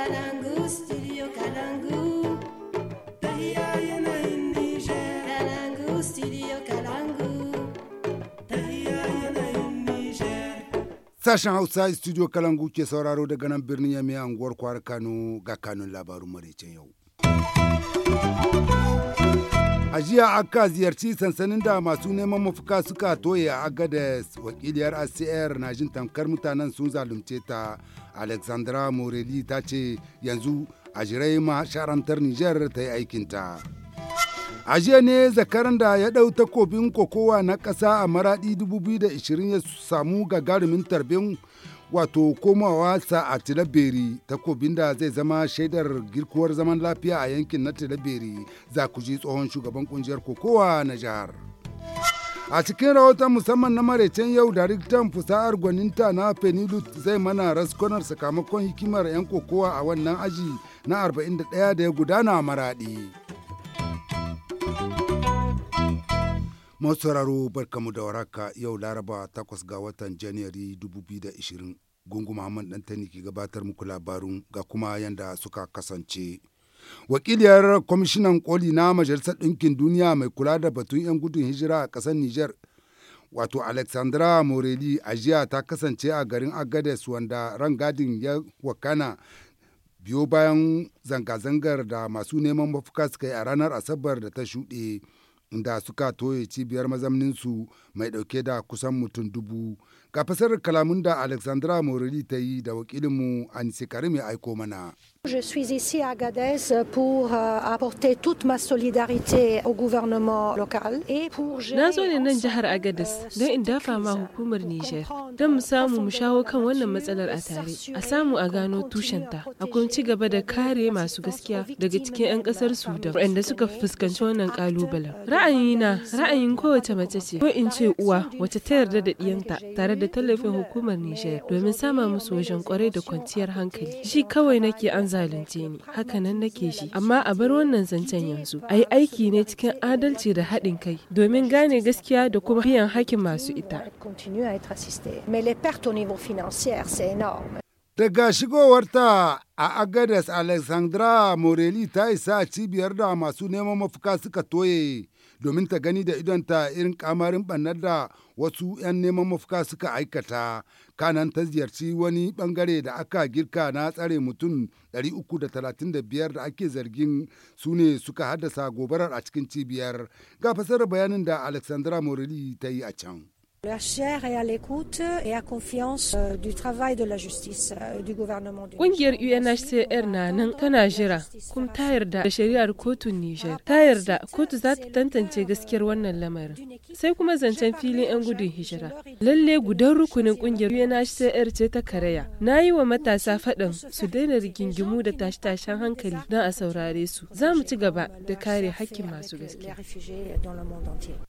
Kalingu, studio Kalingu. studio Sashen Hausa studio Kalangu ke sauraro daga nan birnin Yami anguwar kwar Kano ga kanun labarun maraicen yau. A jiya aka ziyarci sansanin da masu neman mafuka suka toye a Agades wakiliyar ACR na jin tamkar mutanen sun zalunce ta. Alexandra Morelli ta ce yanzu a jirai masharantar Nijar ta yi aikinta. A jiya ne zakaran da ya ɗau takobin kokowa na ƙasa a maraɗi 2020 ya samu gagarumin tarbin wato komawa sa a tilaberi takobin da zai zama shaidar girkuwar zaman lafiya a yankin na tilaberi za ku ji tsohon shugaban kungiyar kokowa na jihar a cikin rahoton musamman na maraicen yau daraktan fusa'ar gwaninta na fenilu zai mana raskonar sakamakon hikimar 'yan kokowa a wannan aji na 41 da ya gudana a maraɗi. masauraro barkamu da waraka yau laraba takwas ga watan janairu 2020 gungu muhammad dantani ke gabatar muku labarun ga kuma yanda suka kasance wakiliyar kwamishinan koli na majalisar ɗinkin duniya mai kula da batun 'yan gudun hijira a ƙasar niger wato alexandra morelli a ta kasance a garin agades wanda rangadin ya wakana biyo bayan zanga-zangar da masu neman mafuka suka yi a ranar asabar da ta shuɗe da suka toye cibiyar mazamninsu mai ɗauke da kusan mutum dubu ga fasar kalamun da alexandra morali ta yi da wakilinmu an anise karimi aiko mana Je suis ici à Agadez pour euh, apporter toute ma solidarité au gouvernement local et pour Na zo ne nan jihar Agadez euh, don in dafa ma hukumar Niger don mu samu mu shawo kan wannan matsalar a tare a samu a gano tushenta a kuma ci gaba da kare masu gaskiya daga cikin 'yan kasar Sudan waɗanda suka fuskanci wannan kalubalen. Ra'ayina ra'ayin kowace mace ce ko in ci. ce uwa wace ta yarda da ɗiyanta tare da tallafin hukumar Nijar domin sama musu wajen kwarai da kwanciyar hankali. Shi kawai nake an zalunce ni, haka nan nake shi. Amma a bar wannan zancen yanzu. A yi aiki ne cikin adalci da haɗin kai domin gane gaskiya da kuma biyan hakin masu ita. Daga shigowarta a Agadas Alexandra Morelli ta isa cibiyar da masu neman mafuka suka toye domin ta gani da idonta irin kamarin bannar da wasu 'yan neman mafuka suka aikata kanan ta ziyarci wani bangare da aka girka na tsare mutum 335 da ake zargin su ne suka haddasa gobarar a cikin cibiyar ga fasarar bayanin da alexandra morelli ta yi a can La chair est à l'écoute et à confiance euh, du travail de la justice euh, du gouvernement. UNHCR na nan tana jira kuma ta yarda da shari'ar kotun Nijar. Ta yarda kotu za ta tantance gaskiyar wannan lamarin. Sai kuma zancen filin 'yan gudun hijira. Lalle gudan rukunin kungiyar UNHCR ce ta karaya. Na yi wa matasa faɗin su daina rigingimu da tashe-tashen hankali don a saurare su. Za mu ci gaba da kare hakkin masu gaskiya.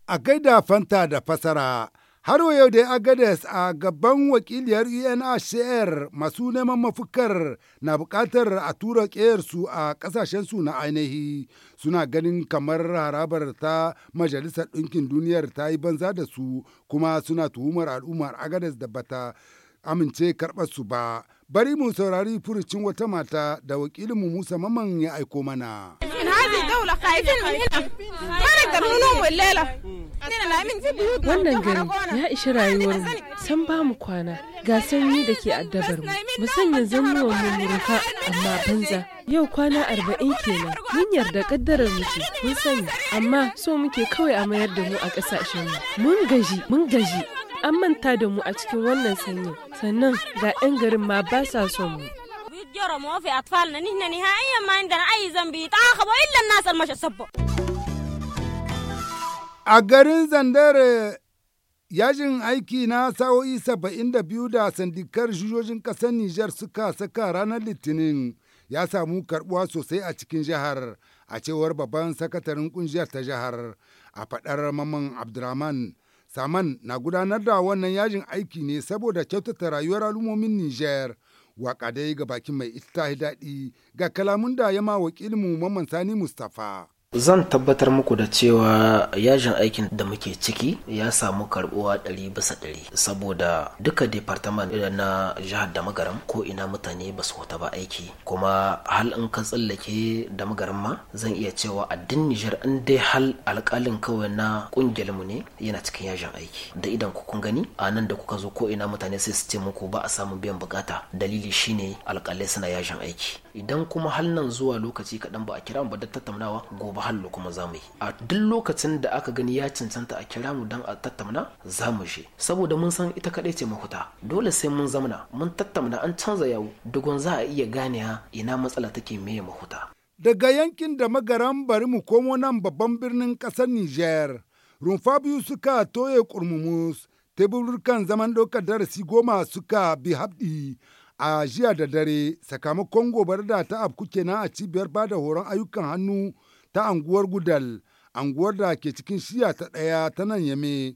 A gaida fanta da fasara Har yau dai Agades a gaban wakiliyar UNHCR masu neman mafukar na bukatar a tura su a ƙasashensu na ainihi suna ganin kamar harabar ta Majalisar Ɗinkin Duniyar ta yi banza da su kuma suna tuhumar al'ummar Agades da bata amince su ba. Bari mu saurari furucin wata mata da wakilinmu Musa mamman ya aiko mana. Wannan gari ya ishi rayuwar mu, san ba mu kwana, ga sanyi da ke addabar mu, mu sanya zannuwan mu amma banza. Yau kwana arba'in kenan, mun yarda kaddarar mu ce, mun sani, amma so muke kawai a mayar da mu a ƙasashen mu. Mun gaji, mun gaji, an manta da mu a cikin wannan sanyi sannan ga 'yan garin ma ba sa son mu. يرموا ma inda na ayi ما عندنا أي ذنب يتعاقبوا illan الناس mashi sabbo. A garin Zandare yajin aiki na sa'o'i saba'in da biyu da sandikar shujojin ƙasar Nijar suka saka ranar Litinin ya samu karbuwa sosai a cikin jihar a cewar babban sakataren kungiyar ta jihar a faɗar maman Abdurrahman. Saman na gudanar da wannan yajin aiki ne saboda kyautata rayuwar al'ummomin Nijar. Waƙa dai ga bakin mai ita daɗi ga kalamun da ya ma wakilinmu Maman Sani Mustapha. zan tabbatar muku da cewa yajin aikin da muke ciki ya samu karbuwa ɗari bisa ɗari saboda duka departament na jihar da magaram ko ina mutane ba su ba aiki kuma hal in ka tsallake da magaram ma zan iya cewa a nijar in dai hal alkalin kawai na ƙungiyarmu ne yana cikin yajin aiki da idan ku kun gani a nan da kuka zo ko ina mutane sai su ce muku ba a samu biyan bukata dalili shine alƙalai suna yajin aiki idan kuma hal nan zuwa lokaci kaɗan ba a kira mu ba da tattaunawa gobe muhallu kuma za mu yi a duk lokacin da aka gani ya cancanta a kira mu don a tattauna za mu je saboda mun san ita kaɗai ce mahuta dole sai mun zamana mun tattauna an canza yawo dugon za a iya ganewa ina matsala take meye mahuta daga yankin da magaran bari mu komo nan babban birnin ƙasar niger Rumfa biyu suka toye kurmumus, teburukan zaman ɗaukar darasi goma suka bi haɗi a jiya da dare sakamakon gobar da ta afku kenan a cibiyar ba da horon ayyukan hannu ta anguwar Gudal, anguwar da ke cikin shiya ta ɗaya ta nan Yame.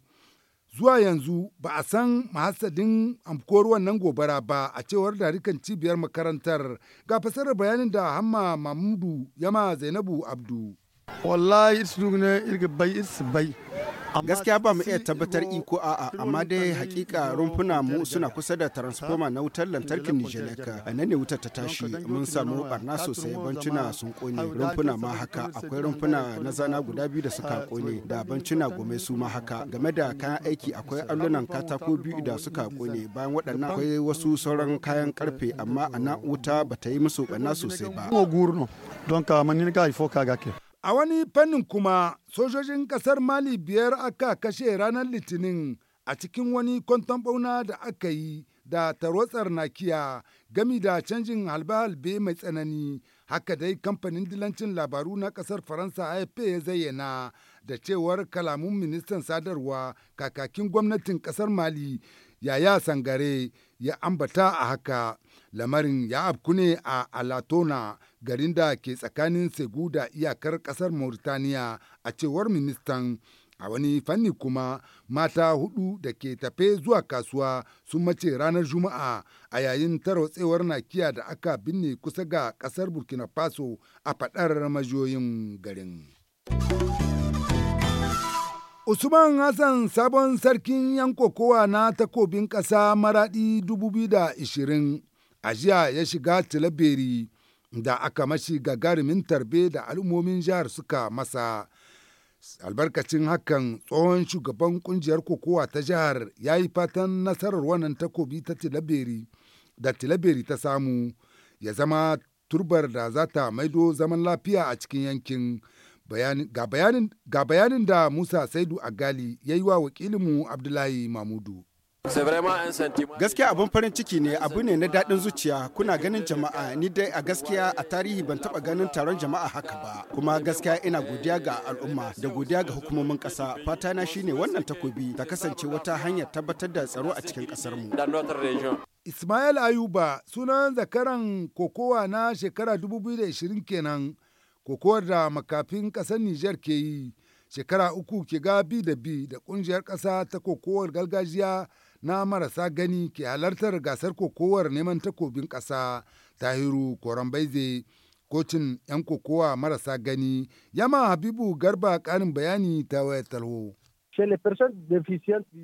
Zuwa yanzu ba a san mahasadin amkuwar wannan gobara ba a cewar darikan cibiyar makarantar ga fasarar bayanin da Hamma Mamudu Yama Zainabu Abdu. Wallahi bai bai. Gaskiya ba mu iya tabbatar iko a'a amma dai hakika rumfuna mu suna kusa da transformer na wutar lantarkin Nijeleka. A nan ne wutar ta tashi mun samu barna sosai bancuna sun kone rumfuna ma haka akwai rumfuna na zana guda biyu da suka kone ah, da bancuna gome su ma haka game da kayan aiki akwai allunan katako biyu da suka kone bayan waɗannan akwai wasu sauran kayan karfe amma a na wuta ba ta yi musu barna sosai ba. Don manin ga ifo ka ke. A wani fannin kuma, sojojin ƙasar Mali biyar aka kashe ranar Litinin a cikin wani kwanton ɓauna da aka yi da tarwatsar nakiya gami da canjin halbe-halbe mai tsanani haka dai kamfanin dilancin labaru na ƙasar faransa afp ya zayyana da cewar kalamun ministan sadarwa kakakin gwamnatin ƙasar mali yaya sangare ya ambata a haka lamarin ya afku ne a alatona garin da ke tsakanin segu da iyakar kasar mauritaniya a cewar ministan a wani fanni kuma mata hudu da ke tafe zuwa kasuwa sun mace ranar juma'a a yayin tarotsewar nakiya da aka binne kusa ga kasar burkina faso a fadar majiyoyin garin. Usman Hassan sabon sarkin yankokowa na takobin ƙasa maraɗi 2020 a jiya ya shiga Tilaberi da aka mashi gagarumin tarbe da al'ummomin jihar suka masa. Albarkacin hakan tsohon shugaban kungiyar kokowa ta jihar ya yi fatan nasarar wannan takobi ta Tilaberi da Tilaberi ta samu ya zama turbar da za ta maido zaman lafiya a cikin yankin. ga bayanin da Musa Saidu Agali ya yi wa wakilinmu Abdullahi Mamudu. Gaskiya abin farin ciki ne abu ne na daɗin zuciya kuna ganin jama'a ni dai a gaskiya a tarihi ban taɓa ganin taron jama'a haka ba kuma gaskiya ina godiya ga al'umma da godiya ga hukumomin ƙasa fata na shine wannan takobi ta kasance wata hanyar tabbatar da tsaro a cikin ƙasar mu. Ismail Ayuba sunan zakaran kokowa na shekara 2020 kenan kokowar da makafin ƙasar Nijar ke yi shekara uku ke ga bi da bi da ƙungiyar ƙasa ta kokowar gargajiya na marasa gani ke halartar gasar kokowar neman takobin ƙasa tahiru koran baize kocin 'yan kokowa marasa gani yama habibu garba ƙarin bayani ta wayar talho.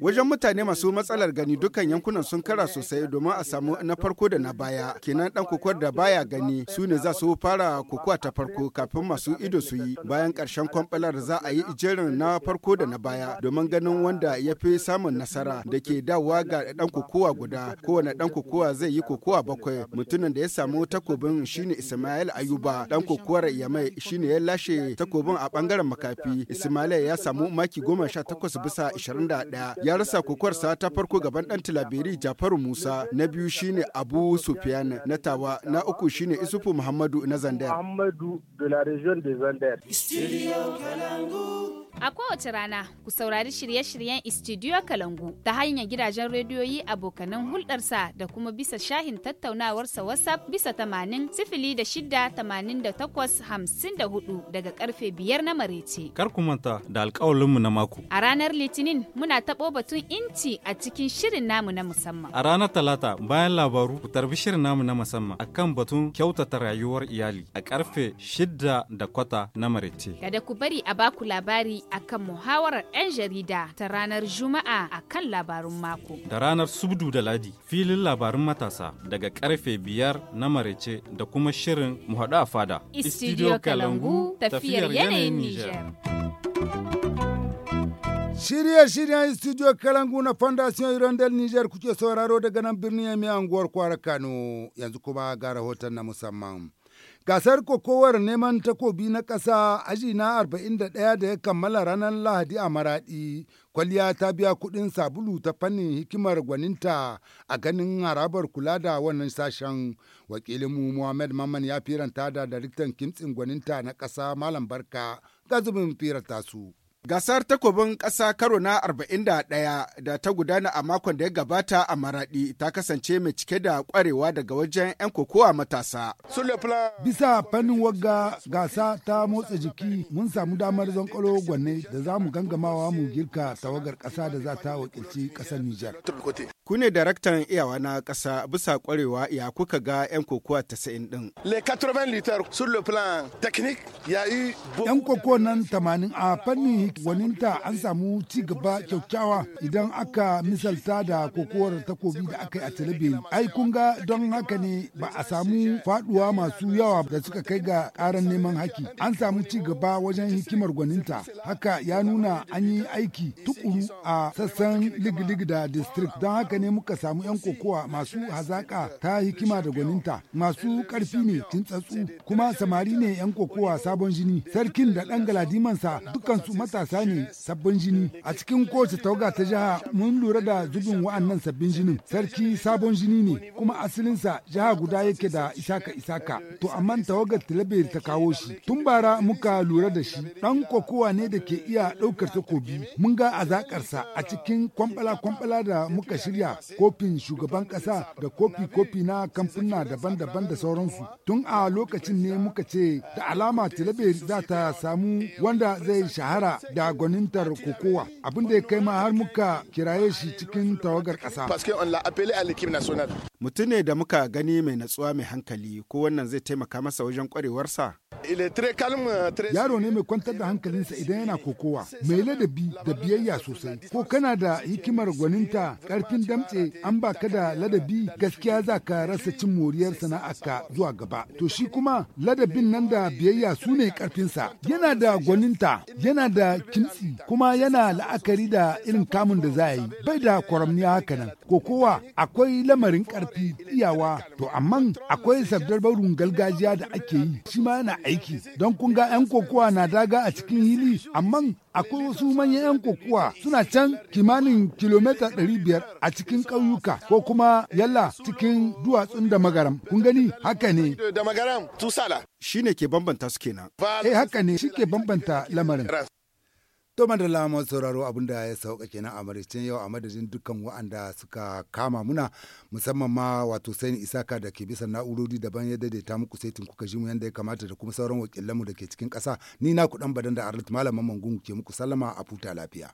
Wajen mutane masu matsalar gani dukkan yankunan sun kara sosai domin a samu na farko da na baya. Kenan dan kokwar da baya gani su ne za su fara kokowa ta farko kafin masu ido su yi. Bayan karshen kwamfalar za a yi jerin na farko da na baya domin ganin wanda ya fi samun nasara da ke dawowa ga dan kokowa guda. Kowane dan kokowa zai yi kokowa bakwai. Mutumin da ya samu takobin shine Ismail Ayuba. Dan kokowar Yamai shine ya lashe takobin a bangaren makafi. Ismail ya samu maki goma sha 18 bisa ɗaya ya rasa kokwarsa ta farko gaban ɗan tilaberi Jafaru Musa na biyu shine Abu sufiyan na Tawa na uku shine Isufu Muhammadu na Zandar. A kowace rana ku saurari shirye-shiryen Istidiyo Kalangu ta hanyar gidajen rediyoyi abokanan hulɗarsa da kuma bisa shahin tattaunawarsa WhatsApp bisa tamanin sifili da shida tamanin da takwas hamsin da hudu daga karfe biyar na marece. Kar ku manta da alƙawalinmu na mako. A ranar Litinin muna taɓo batun inci a cikin shirin namu na musamman. A ranar Talata bayan labaru ku tarbi shirin namu na musamman akan batun kyautata rayuwar iyali a karfe shidda da kwata na marece. Kada ku bari a baku labari akan muhawarar 'yan jarida ta ranar Juma'a akan labarun mako. Da ranar Subdu da Ladi filin labarun matasa daga karfe biyar na marece da kuma shirin mu haɗu a fada. Istidiyo Kalangu tafiyar yanayin Nijar. Shirye-shiryen studio Kalangu na Fondation Hirondel Niger kuke sauraro daga nan birnin Yami anguwar Kwara Kano yanzu kuma ga rahoton na musamman. Gasar kokowar neman takobi na ƙasa aji na 41 da ya kammala ranar Lahadi a Maraɗi, kwalliya ta biya kuɗin sabulu ta fannin hikimar gwaninta a ganin harabar kula da wannan sashen. wakilin Muhammad Maman ya firanta da daliktan kimtsin gwaninta na kasa Malam Barka, gazubin firanta su. Gasar takobin ƙasa karo na 41 da ta gudana a makon da ya gabata a Maraɗi ta kasance mai cike da ƙwarewa daga wajen 'yan kokowa matasa. Bisa fannin wagga gasa ta motsa jiki mun samu damar zankalo gwanne da za mu gangamawa mu girka tawagar ƙasa da za ta wakilci ƙasar Nijar. Ku ne daraktan iyawa na ƙasa bisa ƙwarewa ya kuka ga 'yan kokowa 90 ɗin. Yan kokowa nan 80 a fannin Gwaninta an samu ci gaba kyakkyawa idan aka misalta da kokowar takobi da aka yi a talibin Ai kun ga don haka ne ba a samu faduwa masu yawa da suka kai ga karan neman haki. An samu ci gaba wajen hikimar gwaninta. Haka ya nuna an yi aiki tukuru a sassan ligilig da district don haka ne muka samu 'yan kokowa masu hazaka ta hikima da gwaninta masu karfi ne tsatsu kuma samari ne 'yan kokowa sabon jini sarkin da dan galadimansa dukansu mata matasa ne sabbin jini. A cikin kowace tauga ta jiha mun lura da zubin wa'annan sabbin jinin. Sarki sabon jini ne kuma asalinsa jiha guda yake da isaka isaka. To amma tawagar talabe ta kawo shi. Tun bara muka lura da shi. dan kokowa ne da ke iya ɗaukar takobi. Mun ga azakarsa a cikin kwambala-kwambala da muka shirya kofin shugaban ƙasa da kofi-kofi na kamfuna daban-daban da sauransu. Tun a lokacin ne muka ce da alama talabe za ta samu wanda zai shahara da gwanintar kokowa abin da ya kai ma har muka kiraye shi cikin tawagar ƙasa. mutum ne da muka gani mai natsuwa mai hankali ko wannan zai taimaka masa wajen kwarewarsa yaro ne mai kwantar da hankalinsa idan yana kokowa mai ladabi da biyayya sosai ko kana da hikimar gwaninta karfin damtse an baka da ladabi gaskiya za ka rasa cin moriyar ka zuwa gaba to shi kuma ladabin nan da biyayya su ne karfinsa yana da gwaninta yana da kintsi kuma yana la'akari da irin kamun da za a yi bai da kwaramniya haka nan kokowa akwai lamarin ƙarfi. zafi iyawa to amma akwai sabdar barun gargajiya da ake yi shi ma yana aiki don kun ga 'yan kokowa na daga a cikin hili amma akwai wasu manyan 'yan kokowa suna can kimanin kilomita ɗari biyar a cikin ƙauyuka ko kuma yalla cikin duwatsun da magaram kun gani haka ne da magaram tusala shine ke bambanta su kenan eh haka ne shi ke bambanta lamarin To da masu sauraro abin da ya sauka kenan a maraicen yau a madadin dukkan wa'anda suka kama muna musamman ma wato sai isaka da ke bisa na'urori daban ya daidaita muku saitin kuka ji mu yadda ya kamata da kuma sauran mu da ke cikin kasa ni na kuɗan badan da arlit malaman mangungu ke muku sallama a futa lafiya.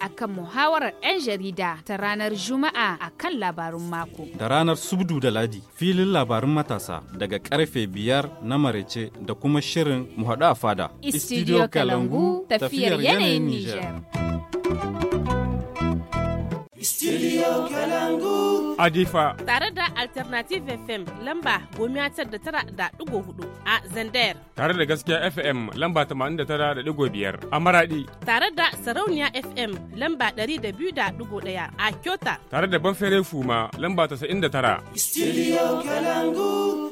akan muhawarar 'yan jarida ta ranar Juma'a a kan labarun mako. Da ranar Subdu da Ladi filin labarun matasa daga karfe biyar na marece da kuma shirin muhaɗu a fada. Istidiyo Kalangu tafiyar yanayin Nijar. Adifa. Tare da Alternative FM lamba gomiya da tara da ɗigo hudu. a Zender. Tare da gaskiya FM lamba 89.5 a Maradi. Tare da Sarauniya FM lamba 200.1 a Kyota. Tare da Banfere Fuma lamba 99. Studio Kalangu.